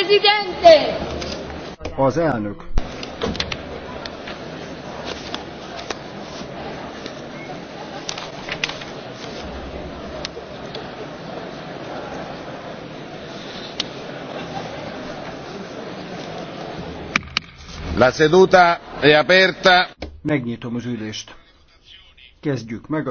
presidente! Az elnök. La seduta è aperta. Megnyitom az ülést. Kezdjük meg.